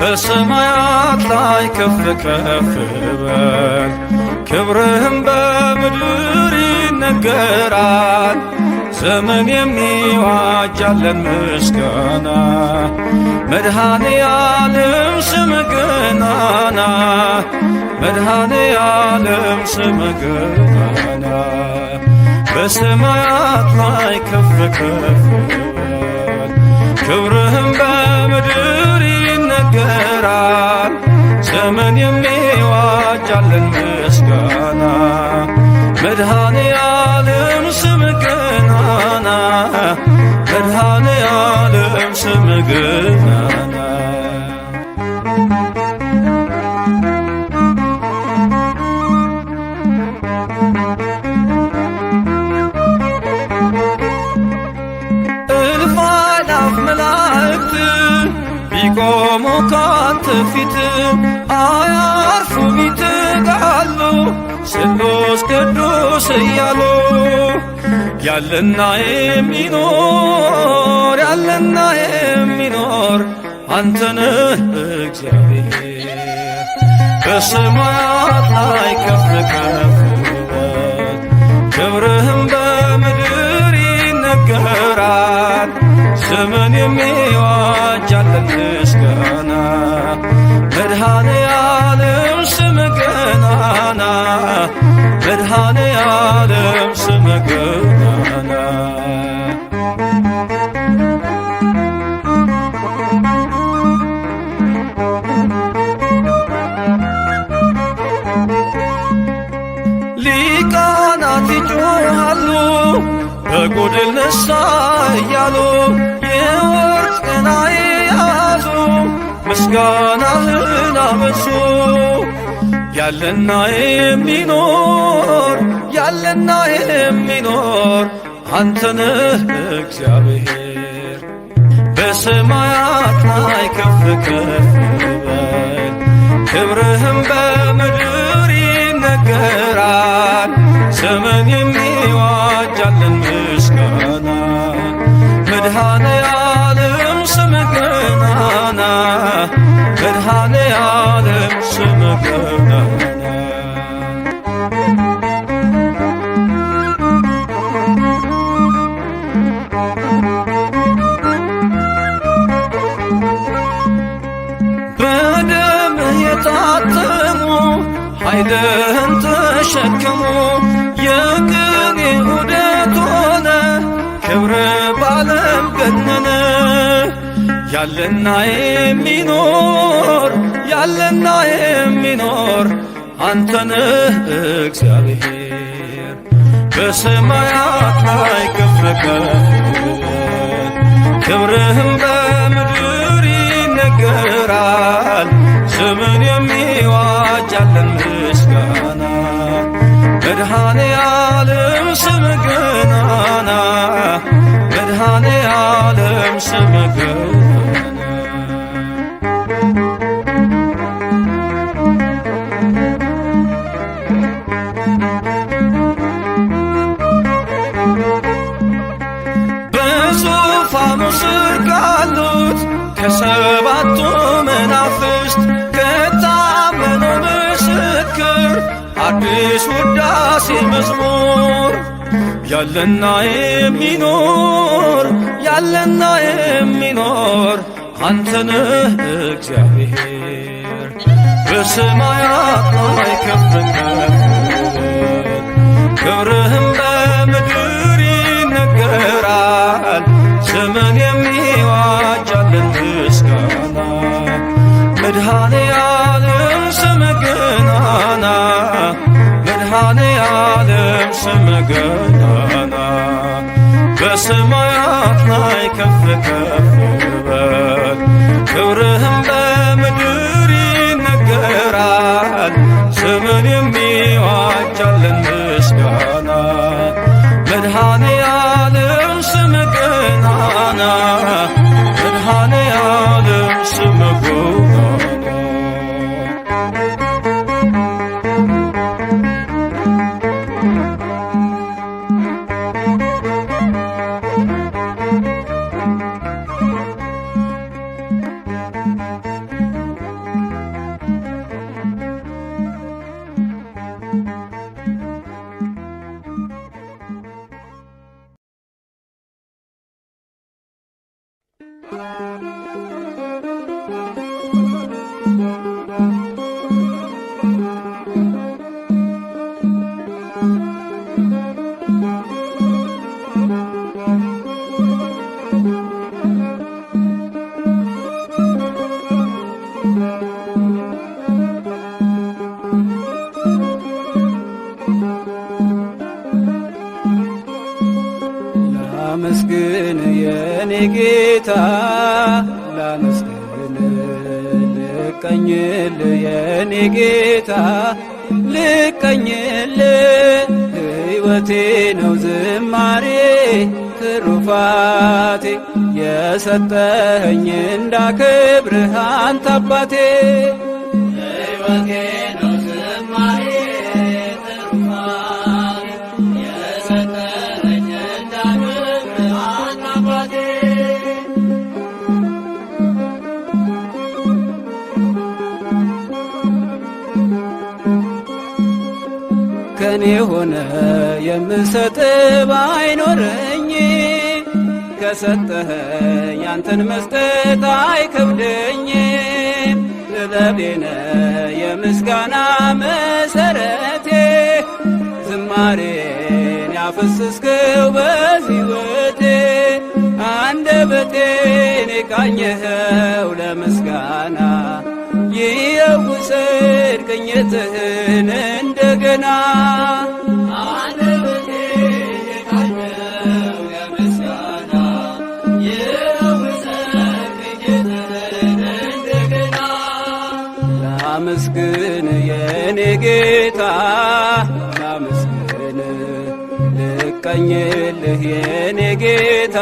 በሰማያት ላይ ከፍ ከፍ በል ክብርህም በምድር ይነገራል። ዘመን የሚዋጃለን ምስጋና መድኃኔ ዓለም ስም ገናና መድኃኔ ዓለም ስም ገናና በሰማያት ላይ ከፍ ከፍ ክብርህም በምድር ይነገራል። ዘመን የሚዋጃለን ምስጋና መድኃኔ ገናና መድኃኔ ዓለም ስም ገናና ካንተ ፊት አያርፉም ስሉስ ቅዱስ እያሉ ያለና የሚኖር ያለና የሚኖር አንተነህ እግዚአብሔር በሰማያት ላይ ከፍ ከፍ ክብርህም በምድር ይነገራል ዘመን የሚዋጅ አለንህ በጎድል ነሳ እያሉ የወርቅ ጥና የያዙ ምስጋናህን አበሱ ያለና የሚኖር ያለና የሚኖር አንተነህ እግዚአብሔር በሰማያት ላይ ከፍ ከፍ በል ክብርህም በ ሸክምህን ተሸክሞ የቅኔ ዑደት ሆነ ክብር ባለም ገነነ ያለና የሚኖር ያለና የሚኖር አንተነህ እግዚአብሔር በሰማያት ላይ ከፍ ከፍ ክብርህም በምድር ይነገራል ስምን የሚዋጅ አለን። መድኃኔ ዓለም ስም ገናና መድኃኔ ዓለም ስም አዲስ ውዳሴ መዝሙር ያለና የሚኖር ያለና የሚኖር አንተነህ እግዚአብሔር በሰማያት ላይ ከፍ ክብርህም ገናና በሰማያት ላይ ከፍ ከፍ የኔ ጌታ ላመስግን ልቀኝል የኔ ጌታ ልቀኝል ሕይወቴ ነው ዝማሬ ትሩፋቴ የሰጠኸኝ እንዳክብርህ አንተ አባቴ ለእኔ ሆነ የምሰጥ ባይኖረኝ ከሰጠህ ያንተን መስጠት አይከብደኝ። ለዘቤነ የምስጋና መሰረቴ ዝማሬን ያፈስስከው በሕይወቴ አንደበቴን የቃኘኸው ለምስጋና ይየውሰድ ቅኝትህን እንደገና ልቀኝልህ የኔ ጌታ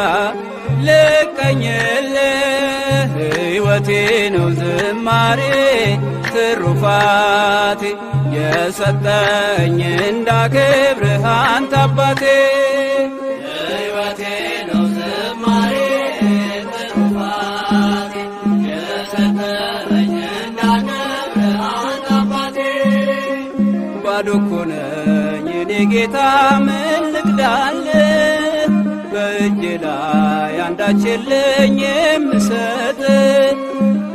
ልቀኝልህ ሕይወቴ ነው ዝማሬ ትሩፋቴ የሰጠኝ እንዳከብርህ አንተ አባቴ ባዶ እኮ ነኝ እኔ ጌታ ምን እንዳለ በእጅ ላይ አንዳች የለኝ የምሰጥ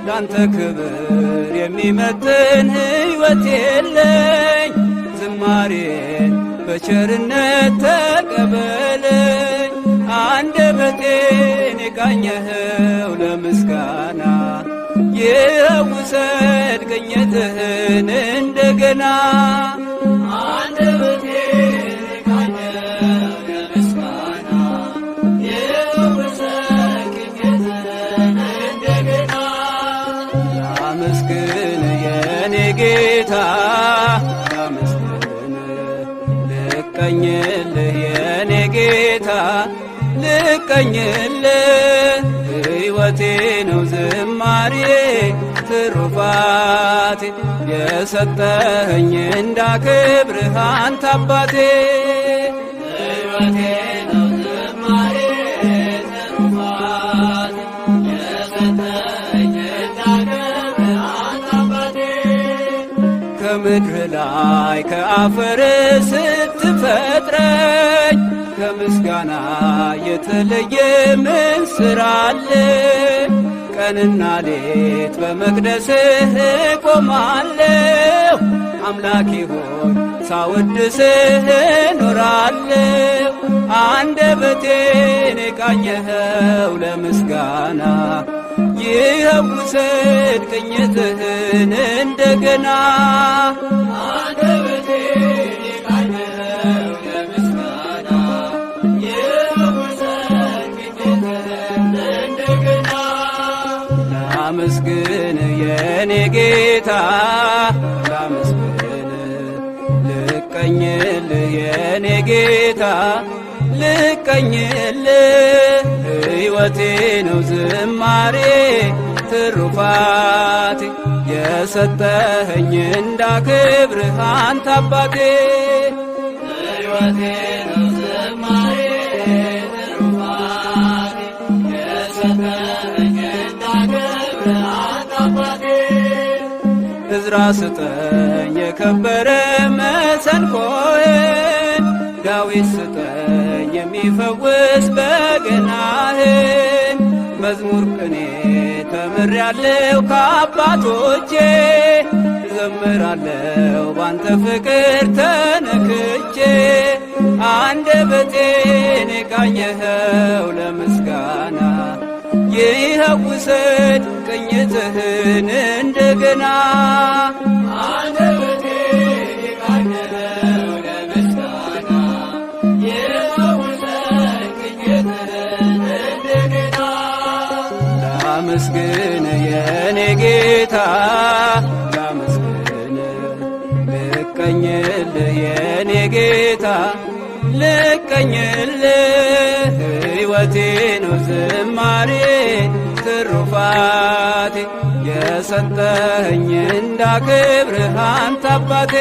ላንተ ክብር የሚመጥን ሕይወት የለኝ። ዝማሬን በቸርነት ተቀበለኝ። አንደበቴን የቃኘኸው ለምስጋና ይረውሰድ ቅኝትህን እንደገና አንደበቴ ልቀኝልህ የኔ ጌታ ልቀኝልህ ሕይወቴ ነው ዝማሬ ትሩፋቴ የሰጠኸኝ እንዳክብርህ አንተ አባቴ ከምድር ላይ ከአፈር ስትፈጥረኝ ከምስጋና የተለየ ምን ስራ አለ? ቀንና ሌት በመቅደስህ ቆማለሁ። አምላኬ ሆይ ሳወድስህ እኖራለሁ። አንደበቴን የቃኘኸው ለምስጋና ይኸው ውሰድ ቅኝትህን እንደገና ላመስግን የኔ ጌታ ላመስግን ልቀኝል የኔ ጌታ ልቀኝል ሕይወቴ ነው ዝማሬ ትሩፋቴ የሰጠኸኝ እንዳክብርህ አንተ አባቴ ሕይወቴ ነው እዝራ ስጠኝ የከበረ መሰንቆዬን ዳዊት ስጠኝ የሚፈውስ በገናህን መዝሙር ቅኔ ተምሬያለሁ ከአባቶቼ ዘምራለሁ ባንተ ፍቅር ተነክቼ አንደበቴን የቃኘኸው ለምስጋና ይኸውሰድ ቅኝትህን እንደገና ላመስግን የኔ ጌታ ላመስግን ልቀኝል የኔ ጌታ ልቀኝል ሕይወቴ ነው ዝማሬ ትሩፋቴ የሰጠኸኝ እንዳክብርህ አንተ አባቴ